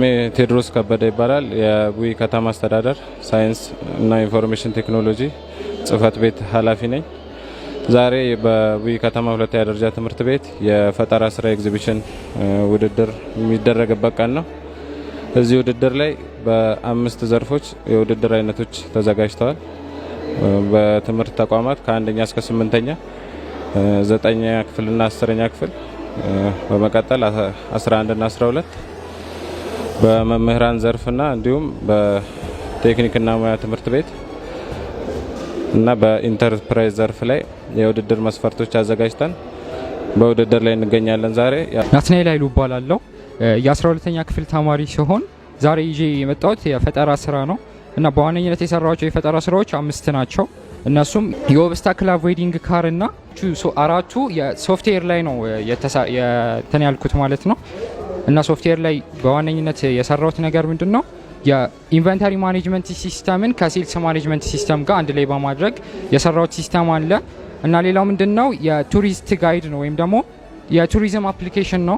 ስሜ ቴዎድሮስ ከበደ ይባላል። የቡኢ ከተማ አስተዳደር ሳይንስ እና ኢንፎርሜሽን ቴክኖሎጂ ጽህፈት ቤት ኃላፊ ነኝ። ዛሬ በቡኢ ከተማ ሁለተኛ ደረጃ ትምህርት ቤት የፈጠራ ስራ ኤግዚቢሽን ውድድር የሚደረግበት ቀን ነው። እዚህ ውድድር ላይ በአምስት ዘርፎች የውድድር አይነቶች ተዘጋጅተዋል። በትምህርት ተቋማት ከአንደኛ እስከ ስምንተኛ፣ ዘጠኛ ክፍልና አስረኛ ክፍል በመቀጠል 11ና 12 በመምህራን ዘርፍና እንዲሁም በቴክኒክና ሙያ ትምህርት ቤት እና በኢንተርፕራይዝ ዘርፍ ላይ የውድድር መስፈርቶች አዘጋጅተን በውድድር ላይ እንገኛለን። ዛሬ ናትናኤል ኃይሉ እባላለሁ። የ12ተኛ ክፍል ተማሪ ሲሆን ዛሬ ይዤ የመጣሁት የፈጠራ ስራ ነው እና በዋነኝነት የሰራቸው የፈጠራ ስራዎች አምስት ናቸው። እነሱም የኦብስታክል አቮይዲንግ ካር እና አራቱ የሶፍትዌር ላይ ነው የተን ያልኩት ማለት ነው። እና ሶፍትዌር ላይ በዋነኝነት የሰራሁት ነገር ምንድን ነው የኢንቨንተሪ ማኔጅመንት ሲስተምን ከሴልስ ማኔጅመንት ሲስተም ጋር አንድ ላይ በማድረግ የሰራሁት ሲስተም አለ እና ሌላው ምንድን ነው የቱሪስት ጋይድ ነው ወይም ደግሞ የቱሪዝም አፕሊኬሽን ነው።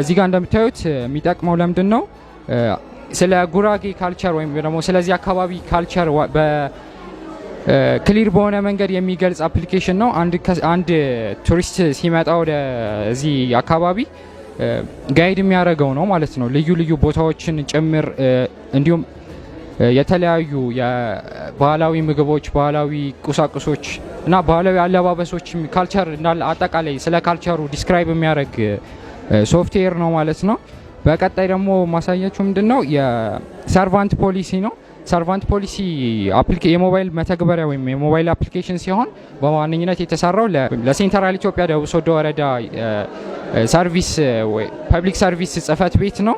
እዚህ ጋር እንደምታዩት የሚጠቅመው ለምንድን ነው ስለ ጉራጌ ካልቸር ወይም ደግሞ ስለዚህ አካባቢ ካልቸር ክሊር በሆነ መንገድ የሚገልጽ አፕሊኬሽን ነው። አንድ ቱሪስት ሲመጣ ወደዚህ አካባቢ ጋይድ የሚያደርገው ነው ማለት ነው። ልዩ ልዩ ቦታዎችን ጭምር እንዲሁም የተለያዩ የባህላዊ ምግቦች፣ ባህላዊ ቁሳቁሶች እና ባህላዊ አለባበሶች ካልቸር እንዳለ አጠቃላይ ስለ ካልቸሩ ዲስክራይብ የሚያደርግ ሶፍትዌር ነው ማለት ነው። በቀጣይ ደግሞ ማሳያችሁ ምንድን ነው የሰርቫንት ፖሊሲ ነው። ሰርቫንት ፖሊሲ የሞባይል መተግበሪያ ወይም የሞባይል አፕሊኬሽን ሲሆን በዋነኝነት የተሰራው ለሴንትራል ኢትዮጵያ ደቡብ ሶዶ ወረዳ ሰርቪስ ፐብሊክ ሰርቪስ ጽህፈት ቤት ነው።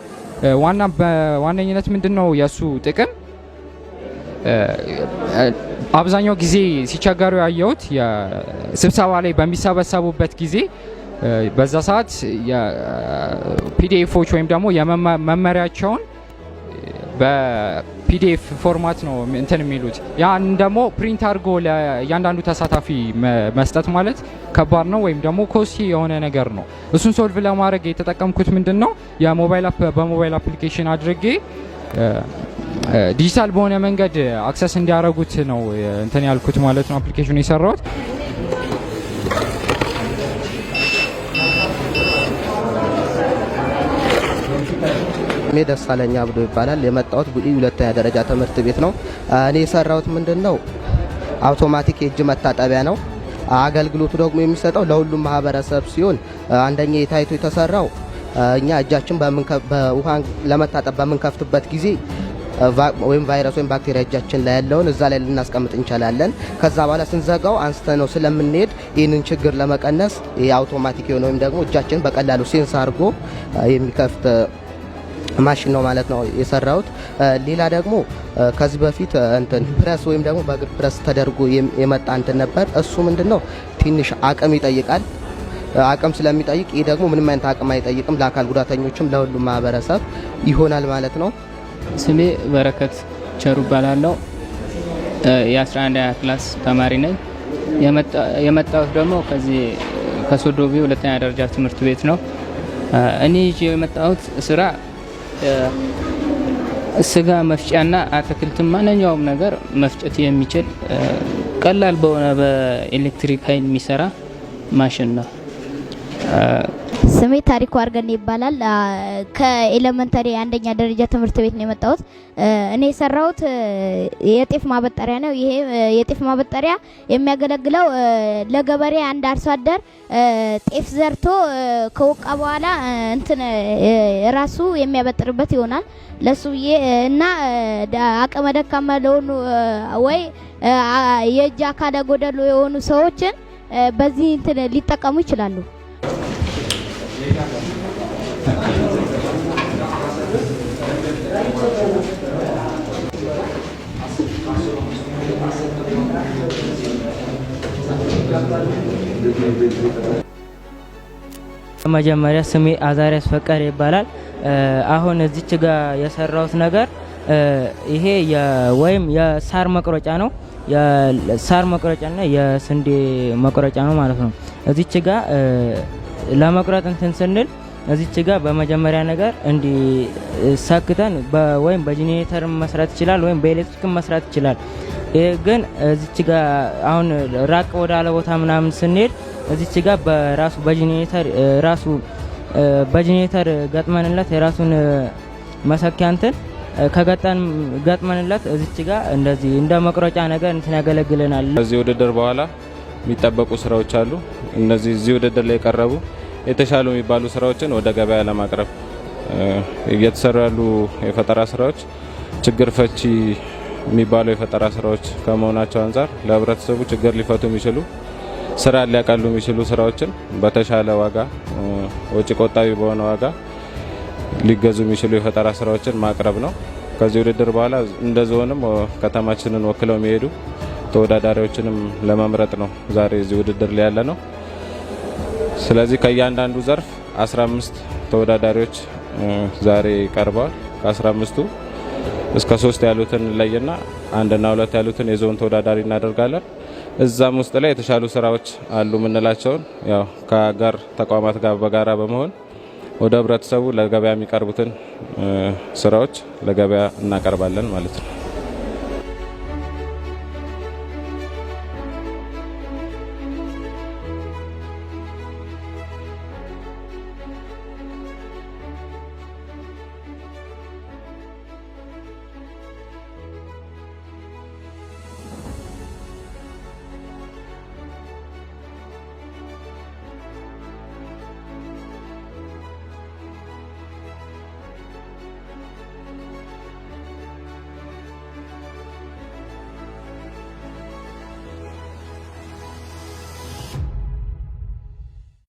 ዋና በዋነኝነት ምንድን ነው የእሱ ጥቅም? አብዛኛው ጊዜ ሲቸገሩ ያየሁት ስብሰባ ላይ በሚሰበሰቡበት ጊዜ በዛ ሰዓት ፒዲኤፎች ወይም ደግሞ የመመሪያቸውን በፒዲኤፍ ፎርማት ነው እንትን የሚሉት። ያን ደግሞ ፕሪንት አድርጎ ለእያንዳንዱ ተሳታፊ መስጠት ማለት ከባድ ነው ወይም ደግሞ ኮስቲ የሆነ ነገር ነው። እሱን ሶልቭ ለማድረግ የተጠቀምኩት ምንድን ነው የሞባይል አፕ በሞባይል አፕሊኬሽን አድርጌ ዲጂታል በሆነ መንገድ አክሰስ እንዲያደርጉት ነው እንትን ያልኩት ማለት ነው። አፕሊኬሽኑ የሰራሁት ስሜ ደሳለኛ አብዶ ይባላል። የመጣሁት ቡኢ ሁለተኛ ደረጃ ትምህርት ቤት ነው። እኔ የሰራሁት ምንድን ነው አውቶማቲክ የእጅ መታጠቢያ ነው። አገልግሎቱ ደግሞ የሚሰጠው ለሁሉም ማህበረሰብ ሲሆን አንደኛ የታይቶ የተሰራው እኛ እጃችን በውሃ ለመታጠብ በምንከፍትበት ጊዜ ወይም ቫይረስ ወይም ባክቴሪያ እጃችን ላይ ያለውን እዛ ላይ ልናስቀምጥ እንችላለን። ከዛ በኋላ ስንዘጋው አንስተ ነው ስለምንሄድ ይህንን ችግር ለመቀነስ የአውቶማቲክ የሆነ ወይም ደግሞ እጃችን በቀላሉ ሴንስ አድርጎ የሚከፍት ማሽን ነው ማለት ነው የሰራሁት። ሌላ ደግሞ ከዚህ በፊት እንትን ፕረስ ወይም ደግሞ በእግር ፕረስ ተደርጎ የመጣ እንትን ነበር። እሱ ምንድን ነው ትንሽ አቅም ይጠይቃል። አቅም ስለሚጠይቅ ይህ ደግሞ ምንም አይነት አቅም አይጠይቅም። ለአካል ጉዳተኞችም ለሁሉም ማህበረሰብ ይሆናል ማለት ነው። ስሜ በረከት ቸሩ እባላለሁ። የ11 ክላስ ተማሪ ነኝ። የመጣሁት ደግሞ ከዚህ ከሶዶቪ ሁለተኛ ደረጃ ትምህርት ቤት ነው። እኔ ይዤ የመጣሁት ስራ ስጋ መፍጫና አትክልት ማንኛውም ነገር መፍጨት የሚችል ቀላል በሆነ በኤሌክትሪክ ኃይል የሚሰራ ማሽን ነው። ስሜ ታሪኩ አርገን ይባላል። ከኤሌመንተሪ አንደኛ ደረጃ ትምህርት ቤት ነው የመጣሁት። እኔ የሰራሁት የጤፍ ማበጠሪያ ነው። ይሄ የጤፍ ማበጠሪያ የሚያገለግለው ለገበሬ አንድ አርሶ አደር ጤፍ ዘርቶ ከወቃ በኋላ እንትን ራሱ የሚያበጥርበት ይሆናል። ለሱ እና አቅመ ደካማ ለሆኑ ወይ የእጅ አካለ የሆኑ ሰዎችን በዚህ እንትን ሊጠቀሙ ይችላሉ። መጀመሪያ ስሜ አዛሪያስ ፈቀር ይባላል። አሁን እዚች ጋር የሰራሁት ነገር ይሄ ወይም የሳር መቁረጫ ነው። የሳር መቁረጫና የስንዴ መቁረጫ ነው ማለት ነው። እዚች ጋር ለመቁረጥ እንትን ስንል እዚች ጋር በመጀመሪያ ነገር እንዲ ሰክተን ወይም በጄኔሬተር መስራት ይችላል፣ ወይም በኤሌክትሪክ መስራት ይችላል። ግን እዚች ጋር አሁን ራቅ አለ ቦታ ምናምን ስንሄድ እዚች ጋር በራሱ በጄኔሬተር ራሱ በጄኔሬተር ገጥመንለት የራሱን መሰኪያ እንትን ከገጠን ገጥመንለት እዚች ጋር እንደዚህ እንደ መቁረጫ ነገር እንትን ያገለግለናል። ከዚህ ውድድር በኋላ የሚጠበቁ ስራዎች አሉ። እነዚህ እዚህ ውድድር ላይ የቀረቡ የተሻሉ የሚባሉ ስራዎችን ወደ ገበያ ለማቅረብ እየተሰሩ ያሉ የፈጠራ ስራዎች ችግር ፈቺ የሚባሉ የፈጠራ ስራዎች ከመሆናቸው አንጻር ለህብረተሰቡ ችግር ሊፈቱ የሚችሉ ስራ ሊያቀሉ የሚችሉ ስራዎችን በተሻለ ዋጋ ወጪ ቆጣቢ በሆነ ዋጋ ሊገዙ የሚችሉ የፈጠራ ስራዎችን ማቅረብ ነው። ከዚህ ውድድር በኋላ እንደ ዞንም ከተማችንን ወክለው የሚሄዱ ተወዳዳሪዎችንም ለመምረጥ ነው ዛሬ እዚህ ውድድር ላይ ያለ ነው። ስለዚህ ከእያንዳንዱ ዘርፍ 15 ተወዳዳሪዎች ዛሬ ቀርበዋል። ከ15ቱ እስከ ሶስት ያሉትን ለይና አንድና ሁለት ያሉትን የዞን ተወዳዳሪ እናደርጋለን። እዛም ውስጥ ላይ የተሻሉ ስራዎች አሉ የምንላቸውን ያው ከአጋር ተቋማት ጋር በጋራ በመሆን ወደ ህብረተሰቡ ለገበያ የሚቀርቡትን ስራዎች ለገበያ እናቀርባለን ማለት ነው።